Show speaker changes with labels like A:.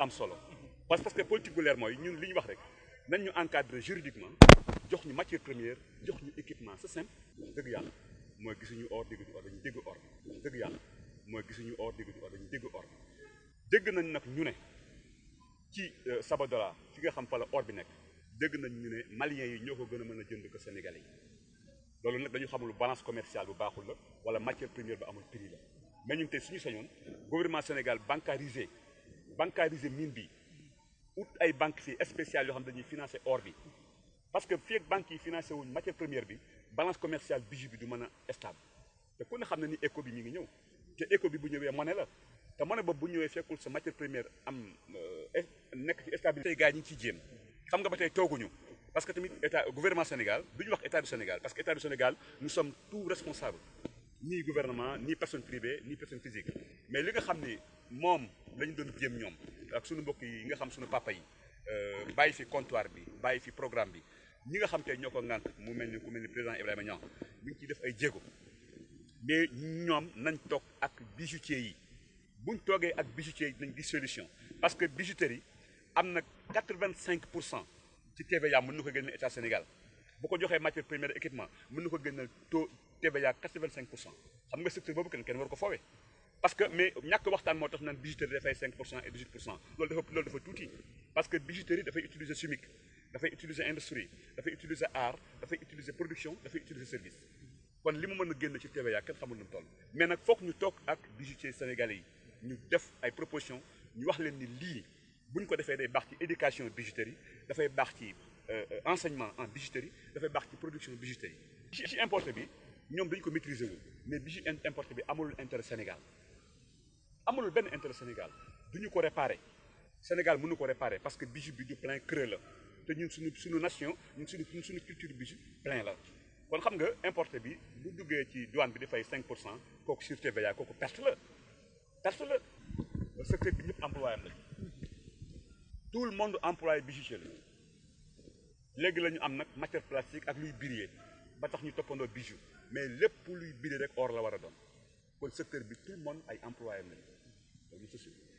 A: am solo parce que politique bu leer mooy ñun li ñu wax rek nañ ñu encadrer juridiquement jox ñu matière première jox ñu équipement c'est simple dëgg yàlla mooy gisuñu or dégg ñu or dañu dégg or dëgg mooy gisuñu or dégg ñu or or dégg nañ nag ñu ne ci euh, Sabodala fi nga xam fa la or bi nekk dégg nañ ñu ne maliens yi ñoo ko gën a mën a jënd ko sénégal yi loolu nag dañu xamul balance commerciale bu baaxul la wala matière première bu amul prix la mais ñun tey suñu sañoon gouvernement Sénégal bancarisé bancariser mine bi ut ay banque fii spéciale yoo xam dañuy financer or bi parce que fii ak banques yi financé wuñ matière première bi balance commerciale bijou bi du mën a stable te ku ne xam ne ni éco bi mi ngi ñëw te éco bi bu ñëwee ne la te monnaie boobu bu ñëwee fekkul sa matière première am euh, nekk ci stabilité. tey gars yi ñu ngi ciy jéem xam nga ba tey tooguñu parce que tamit état gouvernement Sénégal du ñu wax état du Sénégal parce que état du Sénégal nous sommes tous ni gouvernement ni personne privée ni personne physique mais li nga xam ni moom la ñu doon jéem ñoom ak suñu mbokk yi nga xam suñu papa yi euh, bàyyi fi comptoir bi bàyyi fi programme bi ñi nga xam te ñoo ko ŋànk mu mel ni ku mel ni président Ibrahima Niang mi ngi ciy def ay jéego mais ñoom nañ toog ak bijoutier yi buñ toogee ak bijoutier yi dinañ gis solution parce que bijouterie am na quatre-vingt-cinq pour cent ci TVA mën na ko génne état Sénégal bu ko joxee matière première équipement mën na ko génneel taux TVA 85 pour cent xam nga secteur boobu kenn kenn war ko foowee parce que mais ñàkk waxtaan moo tax naan bijouterie dafay 5 pour cent et 18 pour cent loolu dafa loolu dafa tuuti parce que bijouterie dafay utiliser chimique dafay utiliser industrie dafay utiliser art dafay utiliser production dafay utiliser service kon li mu mën a génn ci TVA kenn xamul nu mu toll mais nag foog ñu toog ak bijoutier sénégalais yi ñu def ay proposition ñu wax leen ni lii bu ñu ko defee day baax ci éducation bijouterie dafay baax ci euh, euh, enseignement en bijouterie dafay baax ci production bijouterie ci importé bi ñoom dañu ko maîtriser mais bi ci importé bi amulul intérêt Sénégal amalul benn intérêt Sénégal duñu ñu ko réparer Sénégal mënu ko répare parce que bijou bi du plein creux la te ñun suñu suñu nation ñun suñu suñu culture bijou plein la kon xam nga importé bi bu duggee ci douane bi dafay cinq pour cent kooku sûreté TVA kooku perte la perte la secteur bi ñëpp employé am la tout le monde employé bijoutier la léegi la ñu am nag matière plastique ak luy birier ba tax ñu toppandoo bijou mais lépp luy biri rek or la war a doon kon secteur bi tout le monde ay employé am nañu loolu